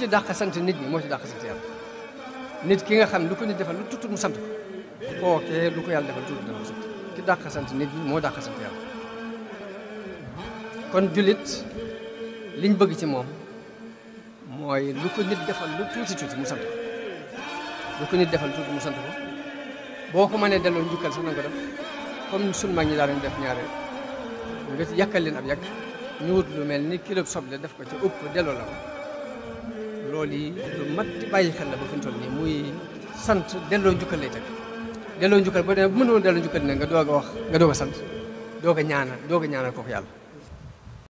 ci dàq sant nit ñi moo ci dàq sant yàlla nit ki nga xam lu ko nit defal lu tuuti mu sant ko kookee lu ko yàlla defal tuuti dafa sant ki dàq sant nit moo dàq sant yàlla liñ bëgg ci moom mooy lu ko nit defal lu tuuti tuuti mu sant mu sant ko mënee delloo njukkal si na ko def comme sunu mag ñi daa def ñaare nga yàkkal leen ab yàgg ñu wut lu mel ni kilo soble def ko ci ëpp ko delloo la ko loolu yi lu mat di bàyyi xel la ba fi mu toll nii muy sant delloo njukkal lay teg delloo njukkal boo demee bu mënoon delloo njukkal ne nga doog a wax nga doog a sant doog a ñaanal doog a ñaanal kooku yàlla